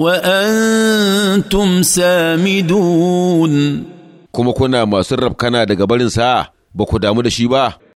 وأنتم سامدون كما كنا ما سرب كان دقبل ساعة بكو دامو دشيبا